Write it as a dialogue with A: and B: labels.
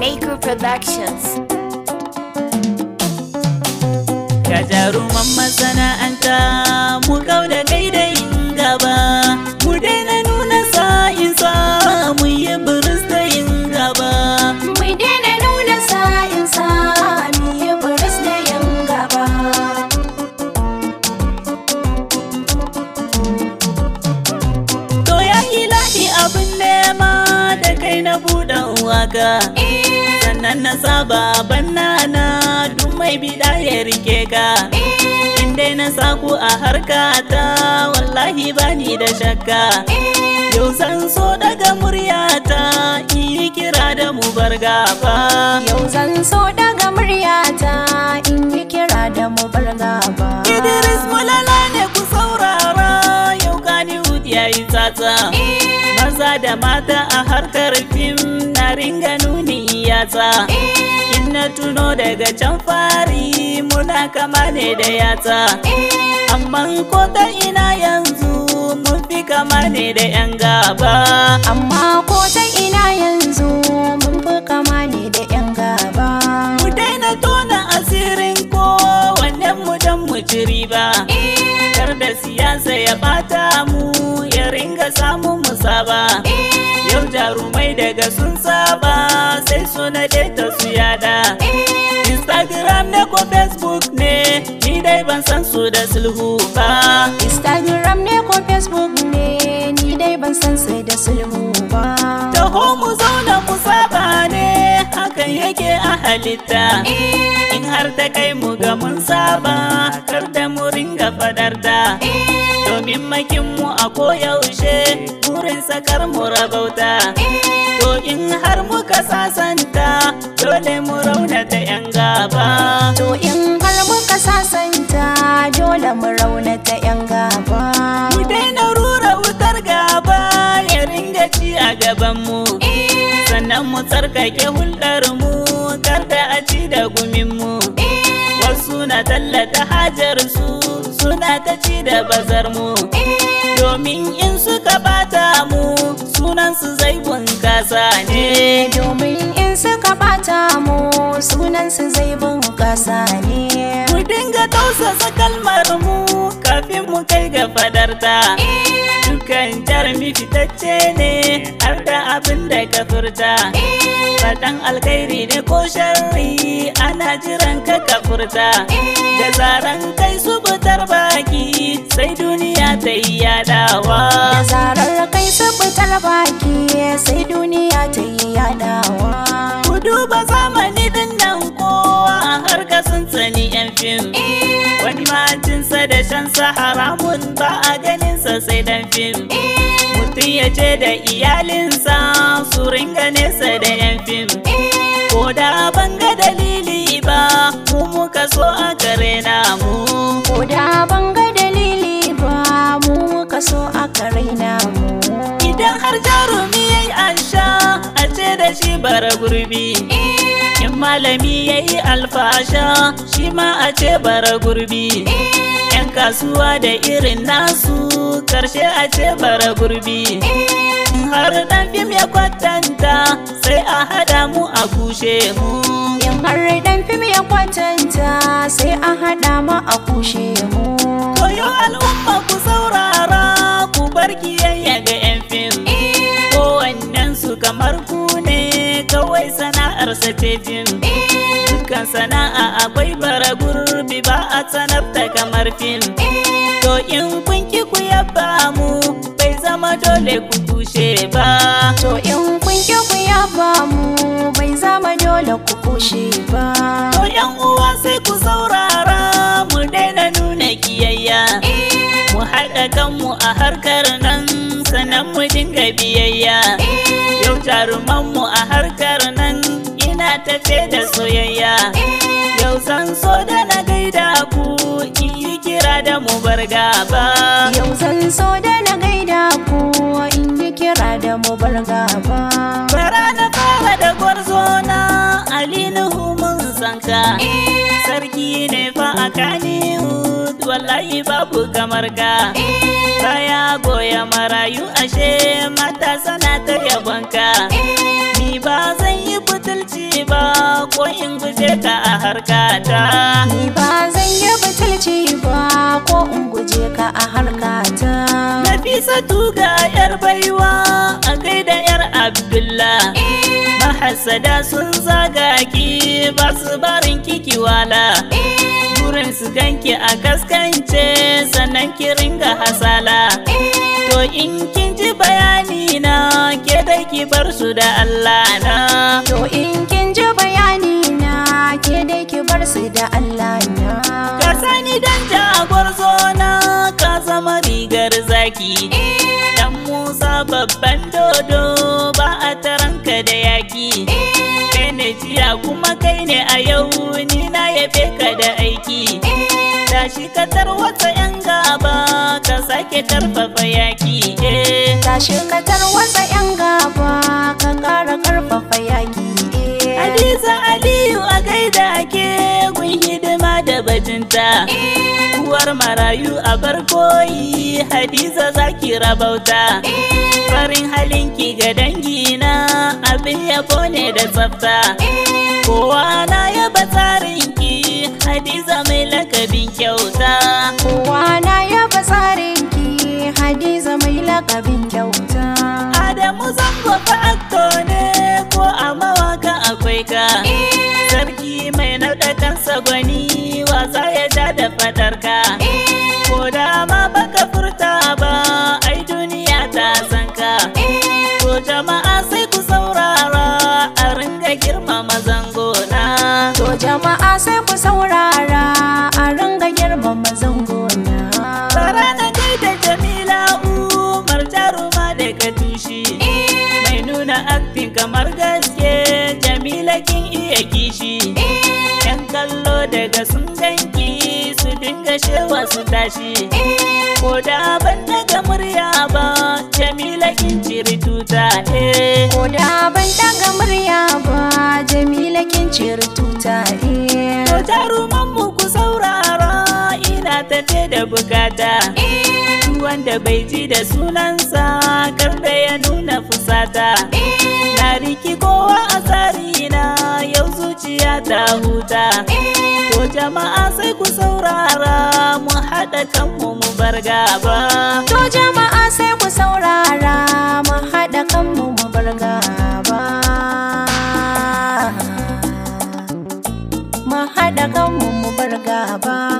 A: Maker Productions. Ka jaruman masana'anta mu kau da kai nan na saba banana duk mai bida ya rike ka dai na saku a harkata wallahi bani da shakka yau zan so daga muryata in yi kira da mu bar gafa. yau zan so daga muryata in yi kira da mu bar gafa. Idris mulala ne ku saurara yau gani ya yi tsatsa maza da mata a harkar fim na ringa nuna yatsa in na tuno daga can fari muna kama ne da yatsa amma ko ta ina yanzu mun fi kama ne da yan gaba amma ko ta ina yanzu mun fi kama ne da yan gaba mu daina tona asirin ko wannan mu dan mu ci riba eh. kar da siyasa ya bata mu ya ringa samun jarumai daga sun saba sai su naɗe su yada instagram ne ko facebook ne ni dai ban san su da sulhu ba instagram ne ko facebook ne ni dai ban san su da sulhu ba taho mu zauna mu saba ne hakan yake a halitta eh. in har ta kai mu ga mun saba kar ringa fadar da domin makin mu a koyaushe burin sakar mu rabauta to in har muka sasanta dole mu raunata yan gaba to in har muka sasanta dole mu raunata yan gaba mu daina rura wutar gaba ya ringa ci a gabanmu, mu eh. sannan mu tsarkake hulɗar mu kar da a ci da gumi suna tallata hajar su suna ta ci da bazar mu eh. domin in suka bata mu sunan su zaibun kasa ne eh, domin in suka bata mu sunan su zaibun kasa ne ku dinga tausasa kalmar mu kafin mu kai ga fadarta eh. dukan jarumi fitacce ne har da abin da ka furta faɗan alkhairi ne ko sharri ana jiran ka ka furta da zaran kai fitar baki sai duniya ta yi yadawa da zarar kai sun fitar baki sai duniya ta yi yadawa ku duba zamani din nan kowa a harka sun tsani yan fim eh. wani matinsa da shansa haramun ba a ganinsa sai dan fim eh. mutum ya ce da iyalinsa su ringa nesa da yan fim eh. ko da ban ga dalili mu muka so a raina mu ko da ban ga dalili ba mu muka so aka raina mu idan har jarumi yayi ansha a ce da shi bara gurbi eh. in malami yayi alfasha shi ma a ce bara gurbi eh. yan kasuwa da irin nasu karshe a ce bara gurbi eh. har dan fim ya kwatanta sai a hada mu a kushe mu in har dan fim ya kwatanta sai a hada mu a kushe mu koyo al'umma ku saurara ku bar kiyayya ga yan fim eh. Ko wannan su kamar ku ne kawai sana'ar sa ce fim eh. dukkan sana'a akwai bara gurbi ba a sanarta kamar fim eh. to in kun ki ku yabba mu bai zama dole ku shi ba. To yan uwa sai ku saurara mu daina nuna kiyayya. Eh. Mu haɗa kanmu a harkar nan sannan mu dinga biyayya. Eh. Yau jarumanmu a harkar nan ina tafe da soyayya. Eh. Yau zan so da na gaida ku in yi kira da mu bar gaba. Yau zan so da na gaida ku in yi kira da mu bar gaba. kanka sarki ne fa a kaniwood wallahi babu kamar ka baya goya marayu ashe mata sana ta yabonka ni ba zan yi butulci ba ko in guje ka a harkata ni ba zan yi butulci ba ko in guje ka a harkata nafisa tuga yar baiwa a gaida yar abdullahi hasada sun zaga ki ba su barin kiki wala gurin su ganki a kaskance sannan ki ringa hasala to in kin ji bayani na ke dai ki bar su da Allah na to in kin ji bayani na ke dai ki bar su da Allah na ka sani dan jagor zona ka zama rigar zaki dan Musa babban dodo kuma kai ne a yau ni na yabe ka da aiki eh. tashi ka tarwata yan gaba ka sake karfafa yaki eh. tashi ka tarwata yan gaba ka kara karfafa yaki eh. Hadiza Aliyu a gaida ake gun hidima da bajinta uwar marayu a barkoyi Hadiza ki rabauta farin halinki ga dangi da tsafta kowa na yaba tsarin hadiza mai lakabin kyauta kowa na yaba tsarin hadiza mai lakabin kyauta kamar gaske jamila kin iya kishi eh. yan kallo daga sun ganki su dinga shewa su tashi eh. ko da ban daga murya ba jamila kin ciri tuta eh ko da ban daga murya ba jamila kin ciri tuta eh to jaruman mu ku saurara ina tafe da bukata eh wanda bai ji da sunansa kar da ya nuna fusata na riki kowa a tsarina yau zuciya ta huta to jama'a sai ku saurara mu haɗa kanmu mu bar gaba to jama'a sai ku saurara mu haɗa kanmu mu bar gaba mu haɗa kanmu mu bar gaba